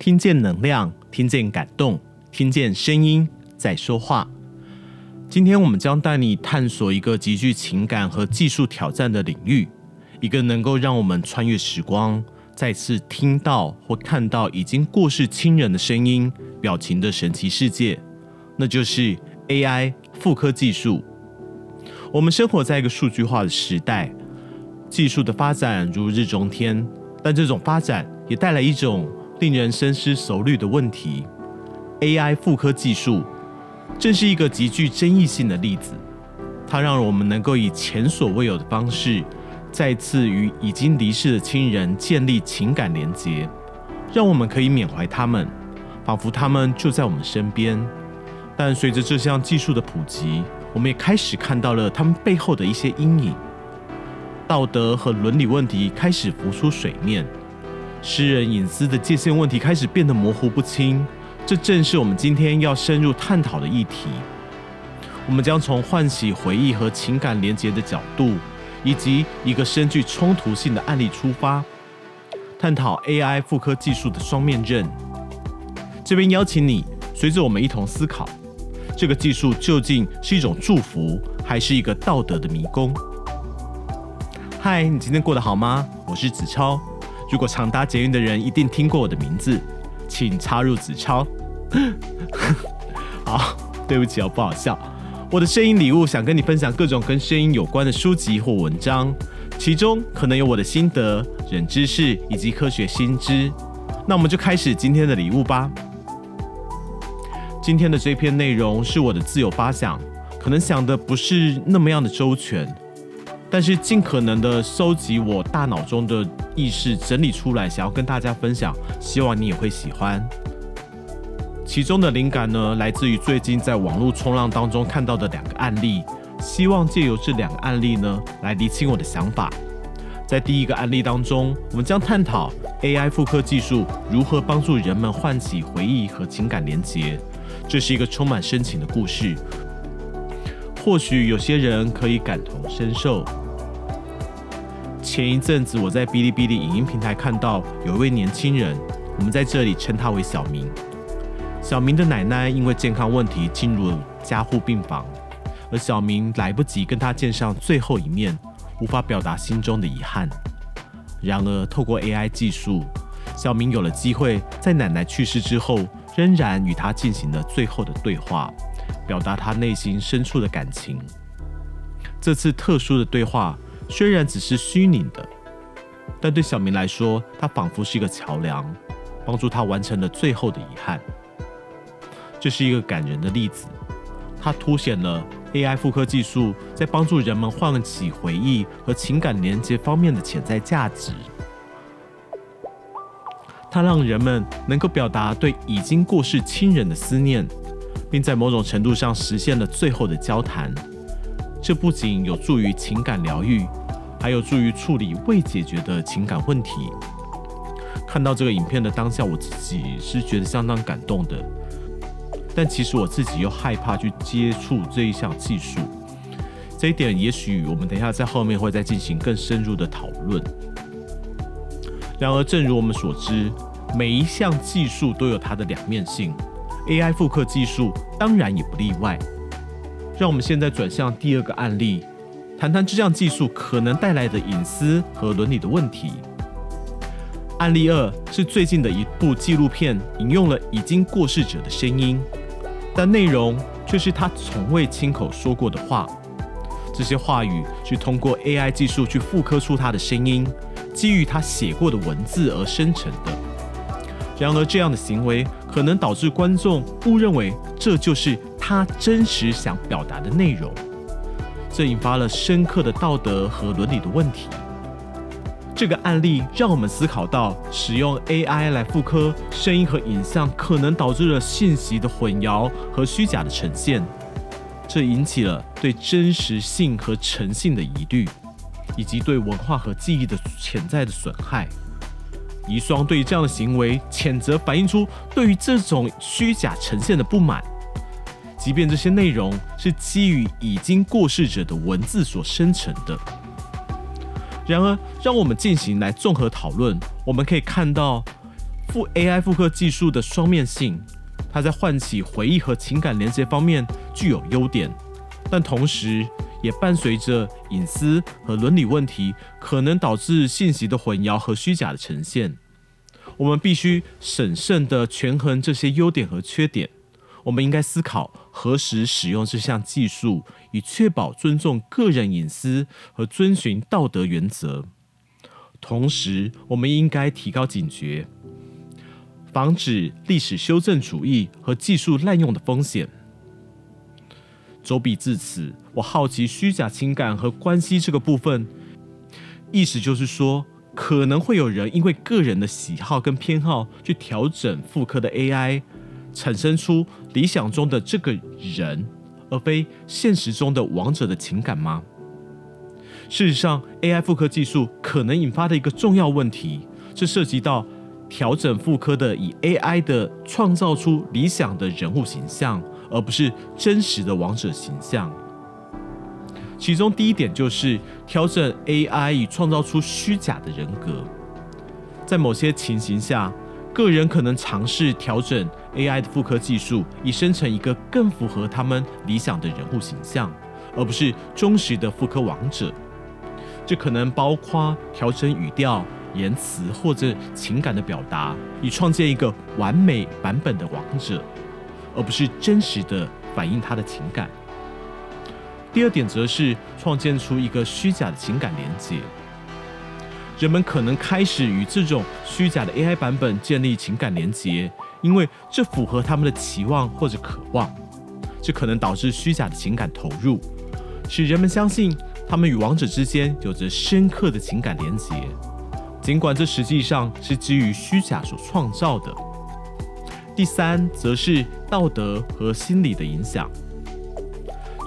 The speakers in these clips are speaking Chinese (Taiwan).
聽見能量，聽見感動，聽見聲音在說話。今天，我們將帶你探索一個極具情感和技術挑戰的領域，一個能夠讓我們穿越時光，再次聽到或看到已經過世親人的聲音、表情的神奇世界，那就是 AI 復刻技術。我們生活在一個數據化的時代，技術的發展如日中天，但這種發展也帶來一種令人深思熟慮的問題，AI 復刻技術正是一個極具爭議性的例子。它讓我們能夠以前所未有的方式，再次與已經離世的親人建立情感連接，讓我們可以緬懷他們，仿佛他們就在我們身邊。但隨着這項技術的普及，我們也開始看到了他們背後的一些陰影。道德和倫理問題開始浮出水面。私人隱私的界限問題開始變得模糊不清，這正是我們今天要深入探討的議題。我們將從喚起回憶和情感連結的角度，以及一個深具衝突性的案例出發，探討 AI 復刻技術的雙面刃。這邊邀請你，隨着我們一同思考，這個技術究竟是一種祝福，還是一個道德的迷宮？嗨，你今天過得好嗎？我是子超。如果常搭捷運的人一定聽過我的名字，請插入紙鈔。 好，對不起哦，我不好笑。我的聲音禮物想跟你分享各種跟聲音有關的書籍或文章，其中可能有我的心得、冷知識以及科學新知。那我們就開始今天的禮物吧。今天的這篇內容是我的自由發想，可能想的不是那麼樣的周全，但是盡可能的收集我大腦中的。意識整理出來，想要跟大家分享，希望你也會喜歡。其中的靈感呢，來自於最近在網絡衝浪當中看到的兩個案例，希望借由這兩個案例呢，來釐清我的想法。在第一個案例當中，我們將探討 AI 復刻技術如何幫助人們喚起回憶和情感連結，這是一個充滿深情的故事，或許有些人可以感同身受。前一陣子，我在嗶哩嗶哩影音平台看到有一位年輕人，我們在這裡稱他為小明。小明的奶奶因為健康問題進入了加護病房，而小明來不及跟他見上最後一面，無法表達心中的遺憾。然而，透過 AI 技術，小明有了機會，在奶奶去世之後，仍然與他進行了最後的對話，表達他內心深處的感情。這次特殊的對話，雖然只是虛擬的，但對小明來說，它仿佛是一個橋樑，幫助他完成了最後的遺憾。這是一個感人的例子，它凸顯了 AI 複刻技術在幫助人們喚起回憶和情感連接方面的潛在價值。它讓人們能夠表達對已經過世親人的思念，並在某種程度上實現了最後的交談。這不僅有助於情感療癒。還有助於處理未解決的情感問題。看到這個影片的當下，我自己是覺得相當感動的，但其實我自己又害怕去接觸這一項技術。這一點，也許我們等一下在後面會再進行更深入的討論。然而，正如我們所知，每一項技術都有它的兩面性，AI 復刻技術當然也不例外。讓我們現在轉向第二個案例。談談這項技術可能帶來的隱私和倫理的問題。案例二是最近的一部紀錄片引用了已經過世者的聲音，但內容卻是他從未親口說過的話。這些話語是通過 AI 技術去復刻出他的聲音，基於他寫過的文字而生成的。然而，這樣的行為可能導致觀眾誤認為這就是他真實想表達的內容。這引發了深刻的道德和倫理的問題。這個案例讓我們思考到，使用 AI 來復刻聲音和影像可能導致了信息的混淆和虛假的呈現。這引起了對真實性和誠信的疑慮，以及對文化和記憶的潛在的損害。遺孀對於這樣的行為譴責，反映出對於這種虛假呈現的不滿。即便這些內容是基於已經過世者的文字所生成的，然而，讓我們進行來綜合討論。我們可以看到，復 AI 復刻技術的雙面性，它在喚起回憶和情感連接方面具有優點，但同時也伴隨着隱私和倫理問題，可能導致信息的混淆和虛假的呈現。我們必須審慎地權衡這些優點和缺點。我們應該思考。何時使用這項技術，以確保尊重個人隱私和遵循道德原則？同時，我們應該提高警覺，防止歷史修正主義和技術濫用的風險。周筆至此，我好奇虛假情感和關係這個部分，意思就是說，可能會有人因為個人的喜好跟偏好去調整復刻的 AI。產生出理想中的這個人，而非現實中的亡者的情感嗎？事實上，AI 復刻技術可能引發的一個重要問題是涉及到調整復刻的以 AI 的創造出理想的人物形象，而不是真實的亡者形象。其中第一點就是調整 AI 以創造出虛假的人格，在某些情形下。個人可能嘗試調整 AI 的復刻技術，以生成一個更符合他們理想的人物形象，而不是忠實的復刻亡者。這可能包括調整語調、言辭或者情感的表達，以創建一個完美版本的亡者，而不是真實的反映他的情感。第二點則是創建出一個虛假的情感連接。人們可能開始與這種虛假的 AI 版本建立情感連接，因為這符合他們的期望或者渴望，這可能導致虛假的情感投入，使人們相信他們與亡者之間有着深刻的情感連接。儘管這實際上是基於虛假所創造的。第三，則是道德和心理的影響，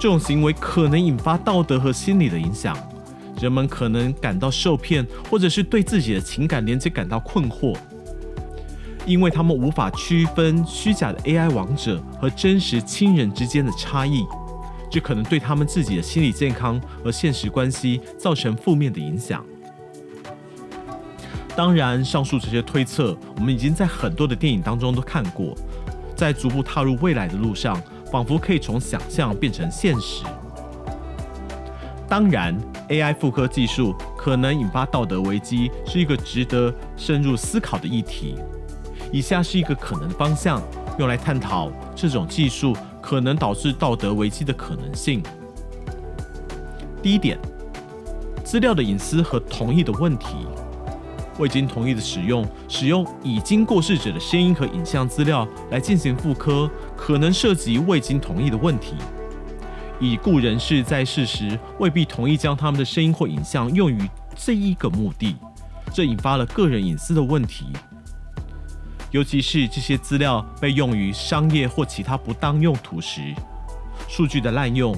這種行為可能引發道德和心理的影響。人們可能感到受騙，或者是對自己的情感連接感到困惑，因為他們無法區分虛假的 AI 亡者和真實親人之間的差異，這可能對他們自己的心理健康和現實關係造成負面的影響。當然，上述這些推測，我們已經在很多的電影當中都看過，在逐步踏入未來的路上，仿佛可以從想象變成現實。當然，AI 復刻技術可能引發道德危機，是一個值得深入思考的議題。以下是一個可能的方向，用來探討這種技術可能導致道德危機的可能性。第一點，資料的隱私和同意的問題。未經同意的使用，使用已經過世者的聲音和影像資料來進行復刻，可能涉及未經同意的問題。已故人士在世時未必同意將他們的聲音或影像用於這一個目的，這引發了個人隱私的問題。尤其是這些資料被用於商業或其他不當用途時，數據的濫用。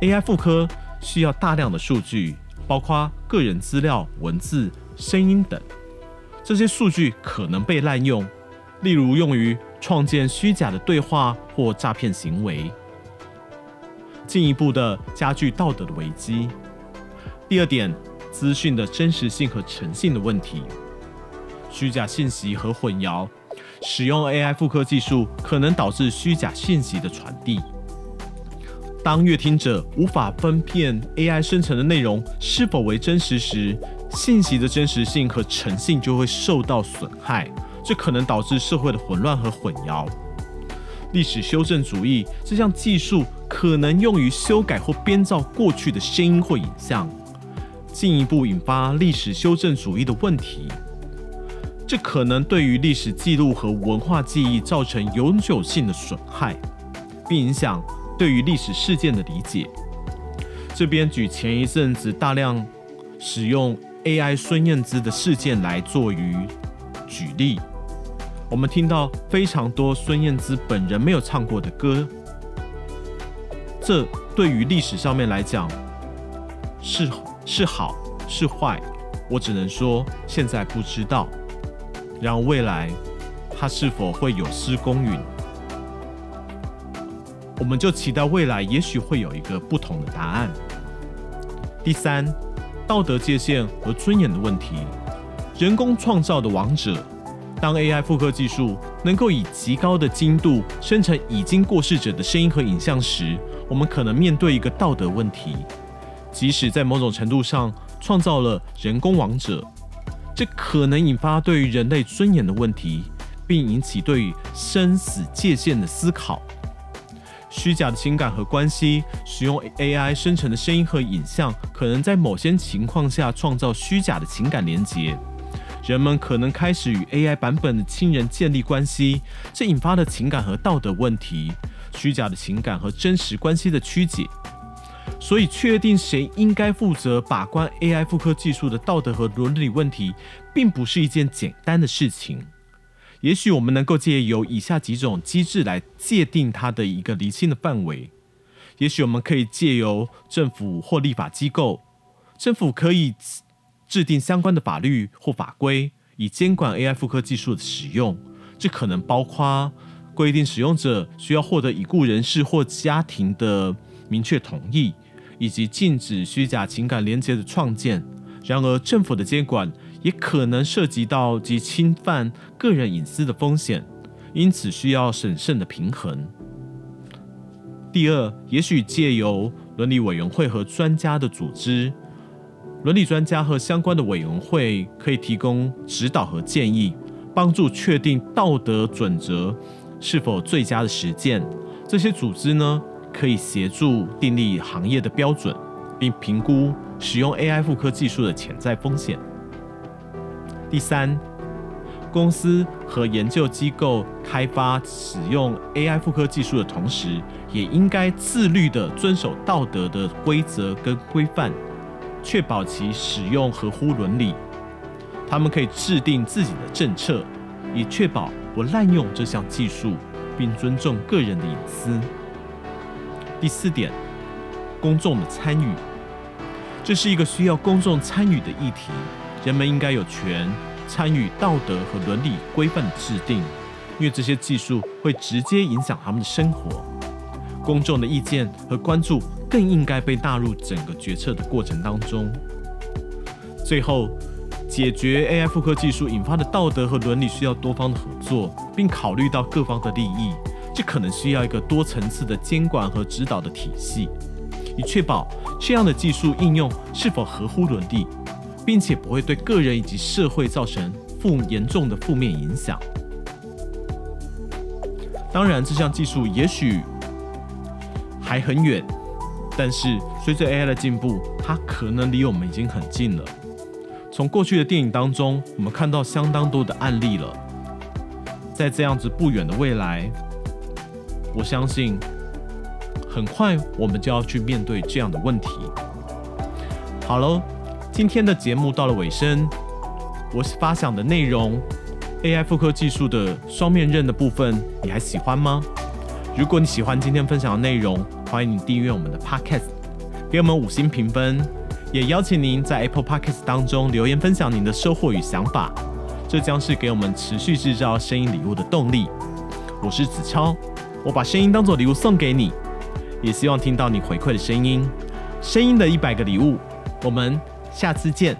AI 復刻需要大量的數據，包括個人資料、文字、聲音等，這些數據可能被濫用，例如用於創建虛假的對話或詐騙行為。進一步的加劇道德的危機。第二點，資訊的真實性和誠信的問題。虛假信息和混淆，使用 AI 復刻技術可能導致虛假信息的傳遞。當閱聽者無法分辨 AI 生成的內容是否為真實時，信息的真實性和誠信就會受到損害，這可能導致社會的混亂和混淆。歷史修正主義，這項技術可能用於修改或編造過去的聲音或影像，進一步引發歷史修正主義的問題。這可能對於歷史記錄和文化記憶造成永久性的損害，並影響對於歷史事件的理解。這邊舉前一陣子大量使用 AI 孫燕姿的事件來作為舉例。我們聽到非常多孫燕姿本人沒有唱過的歌，這對於歷史上面來講是是好是壞，我只能說現在不知道。然後未來它是否會有失公允，我們就期待未來也許會有一個不同的答案。第三，道德界限和尊嚴的問題，人工創造的王者。當 AI 復刻技術能夠以極高的精度生成已經過世者的聲音和影像時，我們可能面對一個道德問題。即使在某種程度上創造了人工亡者，這可能引發對於人類尊嚴的問題，並引起對於生死界限的思考。虛假的情感和關係，使用 AI 生成的聲音和影像，可能在某些情況下創造虛假的情感連接。人們可能開始與 AI 版本的親人建立關係，這引發了情感和道德問題，虛假的情感和真實關係的曲解。所以，確定誰應該負責把關 AI 復刻技術的道德和倫理問題，並不是一件簡單的事情。也許我們能夠借由以下幾種機制來界定它的一個釐清的範圍。也許我們可以借由政府或立法機構，政府可以。制定相關的法律或法規，以監管 AI 復刻技術的使用，這可能包括規定使用者需要獲得已故人士或家庭的明確同意，以及禁止虛假情感連接的創建。然而，政府的監管也可能涉及到及侵犯個人隱私的風險，因此需要審慎的平衡。第二，也許借由倫理委員會和專家的組織。倫理專家和相關的委員會可以提供指導和建議，幫助確定道德準則是否最佳的實踐。這些組織呢，可以協助訂立行業的標準，並評估使用 AI 復刻技術的潛在風險。第三，公司和研究機構開發使用 AI 復刻技術的同時，也應該自律地遵守道德的規則跟規範。確保其使用合乎倫理，他們可以制定自己的政策，以確保不濫用這項技術，並尊重個人的隱私。第四點，公眾的參與，這是一個需要公眾參與的議題，人們應該有權參與道德和倫理規範的制定，因為這些技術會直接影響他們的生活。公眾的意見和關注。更應該被納入整個決策的過程當中。最後，解決 AI 復刻技術引發的道德和倫理需要多方的合作，並考慮到各方的利益，這可能需要一個多層次的監管和指導的體系，以確保這樣的技術應用是否合乎倫理，並且不會對個人以及社會造成負嚴重的負面影響。當然，這項技術也許還很遠。但是，隨着 AI 的進步，它可能離我們已經很近了。從過去的電影當中，我們看到相當多的案例了。在這樣子不遠的未來，我相信很快我們就要去面對這樣的問題。好嘍，今天的節目到了尾聲，我發想的內容 ——AI 復刻技術的雙面刃的部分，你還喜歡嗎？如果你喜歡今天分享的內容，歡迎你訂閱我們的 Podcast，給我們五星評分，也邀請您在 Apple Podcast 當中留言分享您的收穫與想法，這將是給我們持續制造聲音禮物的動力。我是子超，我把聲音當做禮物送給你，也希望聽到你回饋的聲音。聲音的一百個禮物，我們下次見。